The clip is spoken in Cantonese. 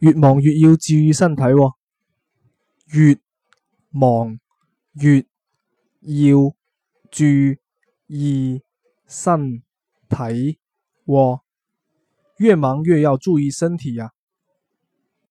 越忙越要注意身體喎，越忙越要注意身體喎，越忙越要注意身體呀啊。